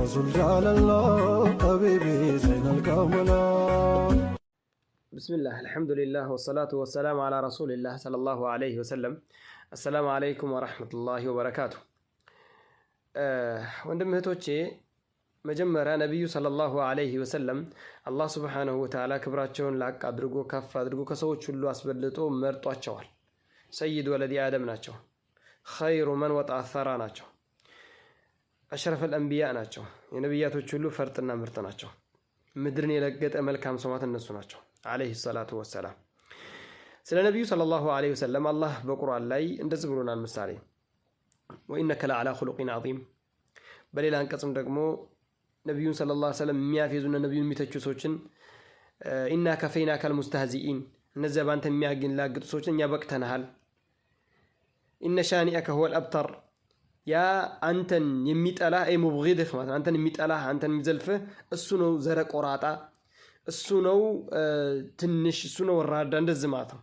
ረሱል ጃለላ ሀቢቢ ዘይነል ቀመላ ብስሚላህ አልሐምዱሊላህ ወሰላቱ ወሰላም አላ ረሱሊላህ ሰለላሁ አለይሂ ወሰለም። አሰላሙ አለይኩም ወረሕመቱላሂ ወበረካቱ። ወንድም እህቶቼ መጀመሪያ ነቢዩ ሰለላሁ አለይሂ ወሰለም አላህ ስብሓነሁ ወተዓላ ክብራቸውን ላቅ አድርጎ ከፍ አድርጎ ከሰዎች ሁሉ አስበልጦ መርጧቸዋል። ሰይድ ወለዲ አደም ናቸው። ኸይሩ መን ወጣ አሰራ ናቸው። አሽረፈል አንቢያ ናቸው። የነቢያቶች ሁሉ ፈርጥና ምርጥ ናቸው። ምድርን የለገጠ መልካም ሰማት እነሱ ናቸው አለይሂ ሰላቱ ወሰላም። ስለ ነቢዩ ሰለላሁ አለይሂ ወሰለም አላህ በቁርአን ላይ እንደዚህ ብሎናል። ምሳሌ ወኢነከ ለዓላ ሁሉቂን ዓዚም። በሌላ አንቀጽም ደግሞ ነቢዩን ሰለላሁ ዐለይሂ ወሰለም የሚያፌዙና ነቢዩን የሚተቹ ሰዎችን ኢና ከፈይና ካል ሙስተህዚኢን፣ እነዚያ በአንተ የሚያግን ላግጡ ሰዎችን እኛ በቅተናሃል። ኢነ ሻኒአከ ሁወል አብተር ያ አንተን የሚጠላህ ይ ሙብጊድህ ማለት አንተን የሚጠላህ አንተን የሚዘልፍህ እሱ ነው ዘረ ቆራጣ፣ እሱ ነው ትንሽ፣ እሱ ነው ወራዳ፣ እንደዚህ ማለት ነው።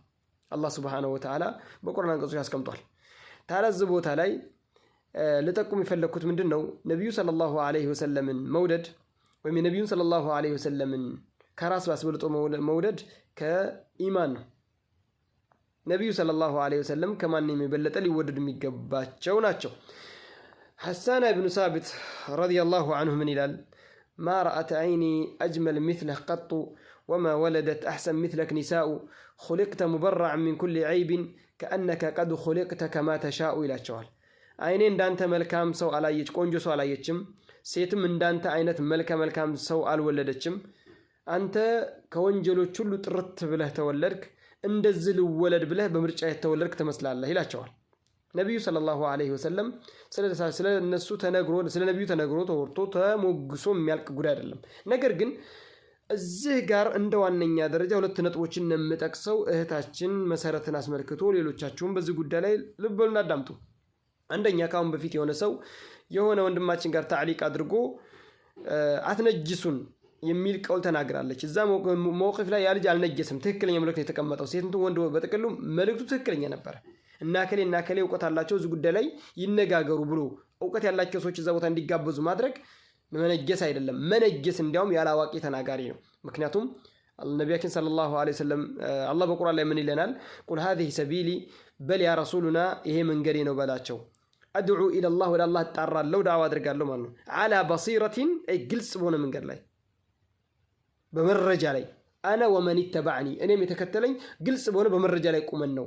አላህ ስብሓነሁ ወተዓላ በቁርአን አንቀጾች ያስቀምጧል። ታዲያ እዚህ ቦታ ላይ ልጠቁም የፈለግኩት ምንድን ነው ነቢዩ ሰለላሁ ዐለይሂ ወሰለምን መውደድ ወይም የነቢዩን ሰለላሁ ዐለይሂ ወሰለምን ከራስ ባስበልጦ መውደድ ከኢማን ነው። ነቢዩ ሰለላሁ ዐለይሂ ወሰለም ከማንም የበለጠ ሊወደዱ የሚገባቸው ናቸው። ሐሳን ብኑ ሳቢት ረዲየላሁ አንሁ ምን ይላል? ማ ረአት አይኒ አጅመል ሚትለህ ቀጡ ወማ ወለደት አሕሰን ሚትለክ ኒሳኡ ኹሊቅተ ሙበራዕ ሚን ኩሊ ዐይቢን ከአነከ ቀድ ኹሊቅተ ከማ ተሻኡ ይላቸዋል። አይኔ እንዳንተ መልካም ሰው አላየች ቆንጆ ሰው አላየችም። ሴትም እንዳንተ አይነት መልከ መልካም ሰው አልወለደችም። አንተ ከወንጀሎች ሁሉ ጥርት ብለህ ተወለድክ። እንደዚህ ልወለድ ብለህ በምርጫ የተወለድክ ትመስላለህ ይላቸዋል። ነቢዩ ሰለላሁ ዐለይሂ ወሰለም ስለ እነሱ ተነግሮ ስለ ነቢዩ ተነግሮ ተወርቶ ተሞግሶ የሚያልቅ ጉዳይ አይደለም። ነገር ግን እዚህ ጋር እንደ ዋነኛ ደረጃ ሁለት ነጥቦችን የምጠቅሰው እህታችን መሰረትን አስመልክቶ፣ ሌሎቻችሁም በዚህ ጉዳይ ላይ ልብ በሉና አዳምጡ። አንደኛ ከአሁን በፊት የሆነ ሰው የሆነ ወንድማችን ጋር ታዕሊቅ አድርጎ አትነጅሱን የሚል ቀውል ተናግራለች። እዛ መውቅፍ ላይ ያ ልጅ አልነጀስም፣ ትክክለኛ መልእክት የተቀመጠው ሴት ወንድ፣ በጥቅሉ መልእክቱ ትክክለኛ ነበረ። እናከሌ እናከሌ እውቀት አላቸው እዚህ ጉዳይ ላይ ይነጋገሩ ብሎ እውቀት ያላቸው ሰዎች እዛ ቦታ እንዲጋበዙ ማድረግ መነጀስ አይደለም። መነጀስ እንዲያውም ያለ አዋቂ ተናጋሪ ነው። ምክንያቱም ነቢያችን ሰለላሁ ዐለይሂ ወሰለም አላህ በቁርአን ላይ ምን ይለናል? ቁል ሀዚህ ሰቢሊ በል ያ ረሱሉና ይሄ መንገዴ ነው በላቸው። አድዑ ኢለላህ ወደ አላህ እጣራለሁ፣ ዳዋ አድርጋለሁ ማለት ነው። አላ በሲረቲን ግልጽ በሆነ መንገድ ላይ በመረጃ ላይ አነ ወመን ተባዕኒ እኔም የተከተለኝ ግልጽ በሆነ በመረጃ ላይ ቁመን ነው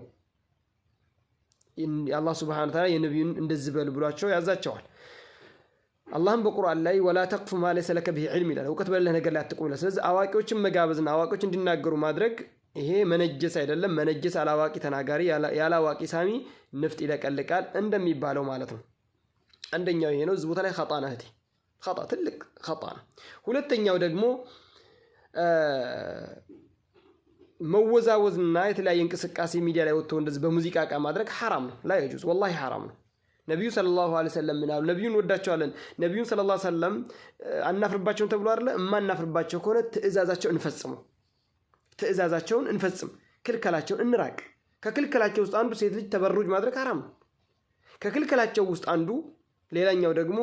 የአላህ ስብሐነሁ ወተዓላ የነቢዩን እንደዚህ በል ብሏቸው ያዛቸዋል። አላህም በቁርአን ላይ ወላ ተቅፉ ማ ለይሰ ለከ ቢሂ ዒልም ይላል። እውቀት በሌለህ ነገር ላይ አትቁም ይላል። ስለዚህ አዋቂዎችን መጋበዝና አዋቂዎች እንዲናገሩ ማድረግ ይሄ መነጀስ አይደለም። መነጀስ አላዋቂ ተናጋሪ፣ ያላዋቂ ሳሚ ንፍጥ ይለቀልቃል እንደሚባለው ማለት ነው። አንደኛው ይሄ ነው። እዚህ ቦታ ላይ ኸጣ ነው እህቴ፣ ኸጣ ትልቅ ኸጣ ነው። ሁለተኛው ደግሞ መወዛወዝና የተለያየ እንቅስቃሴ ሚዲያ ላይ ወጥቶ እንደዚህ በሙዚቃ እቃ ማድረግ ሐራም ነው። ላ የጁዝ ወላሂ ሐራም ነው። ነቢዩ ሰለላሁ ዐለይሂ ወሰለም ምናሉ ነቢዩን እንወዳቸዋለን። ነቢዩን ሰለላሁ ዐለይሂ ወሰለም አናፍርባቸውን ተብሎ አለ። እማናፍርባቸው ከሆነ ትእዛዛቸው እንፈጽሙ፣ ትእዛዛቸውን እንፈጽም፣ ክልከላቸውን እንራቅ። ከክልከላቸው ውስጥ አንዱ ሴት ልጅ ተበሩጅ ማድረግ ሐራም ነው። ከክልከላቸው ውስጥ አንዱ ሌላኛው ደግሞ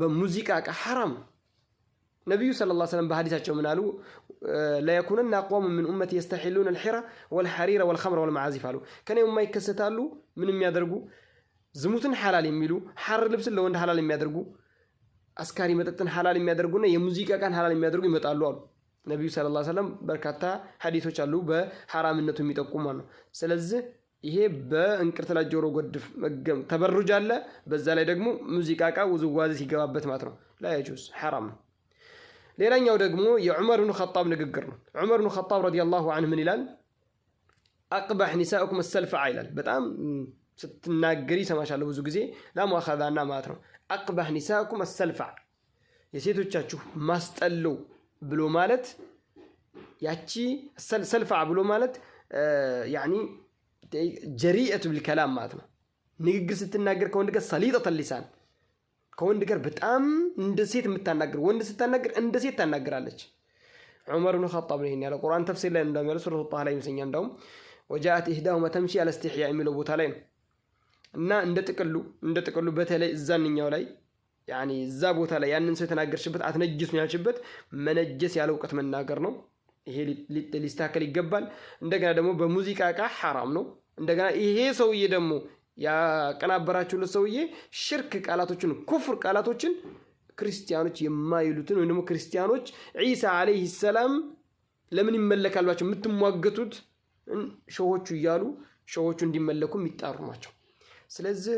በሙዚቃ እቃ ሐራም ነው። ነቢዩ ሰለላሁ ዐለይሂ ወሰለም በሐዲሳቸው ምን አሉ? ለየኩነና አቅዋሙ ሚን ኡመቲ የስተሒሉነ አልሒረ ወልሐሪረ ወልኸምረ ወልመዓዚፍ አሉ። ከኔ ኡማ ይከሰታሉ ምን የሚያደርጉ ዝሙትን ሐላል የሚሉ ሐር ልብስን ለወንድ ሐላል የሚያደርጉ አስካሪ መጠጥን ሐላል የሚያደርጉና የሙዚቃ ቃን ሐላል የሚያደርጉ ይመጣሉ አሉ። ነቢዩ ሰለላሁ ዐለይሂ ወሰለም በርካታ ሀዲቶች አሉ በሐራምነቱ የሚጠቁሙ ነው። ስለዚህ ይሄ በእንቅርት ላይ ጆሮ ጎድፍ መገም ተበሩጃ አለ። በዛ ላይ ደግሞ ሙዚቃ ቃ ውዝዋዜ ሲገባበት ማለት ነው። ላ የጁዝ ሐራም ነው። ሌላኛው ደግሞ የዑመር ብኑ ኸጣብ ንግግር ነው። ዑመር ብኑ ኸጣብ ረዲየላሁ ዐንሁ ምን ይላል? አቅባሕ ኒሳኡኩም ሰልፈዓ ይላል። በጣም ስትናገሪ ሰማሻለሁ ብዙ ጊዜ ላሙአኸዛና ማለት ነው። አቅባሕ ኒሳኡኩም ሰልፈዓ የሴቶቻችሁ ማስጠለው ብሎ ማለት ያቺ ሰልፈዓ ብሎ ማለት ያኒ ጀሪአቱ ቢልከላም ማለት ነው። ንግግር ስትናገር ከወንድ ጋር ሰሊጠተ ሊሳን ከወንድ ጋር በጣም እንደ ሴት የምታናግር ወንድ ስታናግር እንደ ሴት ታናግራለች። ዑመር ብኑ ኸጣብ ነው ያለ ያለው። ቁርአን ተፍሲር ላይ እንደሚያለ ሱረቱ ጣሃ ላይ ይመስለኛል። እንደውም ወጃአት ኢህዳሁማ ተምሺ አለ ኢስቲሕያ የሚለው ቦታ ላይ ነው እና እንደ ጥቅሉ እንደ ጥቅሉ በተለይ እዛንኛው ላይ ያኔ እዛ ቦታ ላይ ያንን ሰው የተናገርሽበት አትነጅስ ነው ያልሽበት መነጀስ ያለ እውቀት መናገር ነው። ይሄ ሊስተካከል ይገባል። እንደገና ደግሞ በሙዚቃ እቃ ሐራም ነው። እንደገና ይሄ ሰውዬ ደግሞ ያቀናበራችሁለት ሰውዬ ሽርክ ቃላቶችን፣ ኩፍር ቃላቶችን ክርስቲያኖች የማይሉትን ወይም ደግሞ ክርስቲያኖች ዒሳ ዓለይህ ሰላም ለምን ይመለካል የምትሟገቱት ሸሆቹ እያሉ ሸሆቹ እንዲመለኩ የሚጣሩ ናቸው። ስለዚህ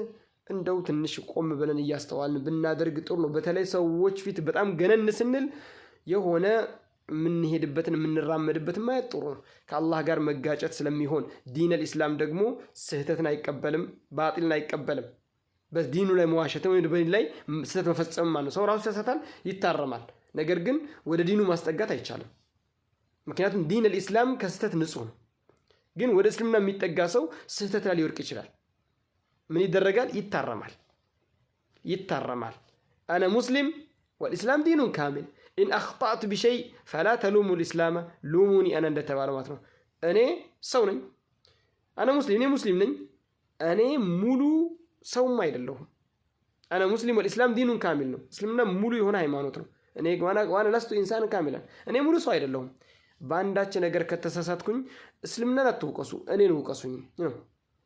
እንደው ትንሽ ቆም ብለን እያስተዋልን ብናደርግ ጥሩ ነው። በተለይ ሰዎች ፊት በጣም ገነን ስንል የሆነ የምንሄድበትን የምንራመድበትን ማየት ጥሩ ነው። ከአላህ ጋር መጋጨት ስለሚሆን ዲን ልእስላም ደግሞ ስህተትን አይቀበልም፣ ባጢልን አይቀበልም። በዲኑ ላይ መዋሸትን ወይም በዲን ላይ ስህተት መፈጸም ማለት ነው። ሰው ራሱ ሲያሳታል ይታረማል። ነገር ግን ወደ ዲኑ ማስጠጋት አይቻልም። ምክንያቱም ዲን ልእስላም ከስህተት ንጹህ ነው። ግን ወደ እስልምና የሚጠጋ ሰው ስህተት ላይ ሊወርቅ ይችላል። ምን ይደረጋል? ይታረማል። ይታረማል። አነ ሙስሊም ወልእስላም ዲኑን ካሚል ኢን አኽጣእቱ ቢሸይ ፈላ ተሉሙ ልእስላመ ሉሙኒ አነ እንደተባለ ማለት ነው። እኔ ሰው ነኝ፣ አነ ሙስሊም እኔ ሙስሊም ነኝ። እኔ ሙሉ ሰውም አይደለሁም። አነ ሙስሊም ወልእስላም ዲኑን ካሚል ነው። እስልምና ሙሉ የሆነ ሃይማኖት ነው። እኔ ዋና ለስቱ ኢንሳን ካሚላን እኔ ሙሉ ሰው አይደለሁም። በአንዳች ነገር ከተሳሳትኩኝ እስልምናን አትውቀሱ፣ እኔን ውቀሱኝ ነው።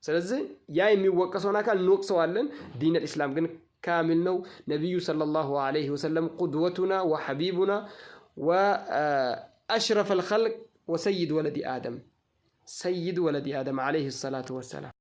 ስለዚህ ያ የሚወቀሰውን አካል እንወቅሰዋለን። ዲን አልእስላም ግን كامل نو نبي صلى الله عليه وسلم قدوتنا وحبيبنا وأشرف آه، الخلق وسيد ولد آدم سيد ولد آدم عليه الصلاة والسلام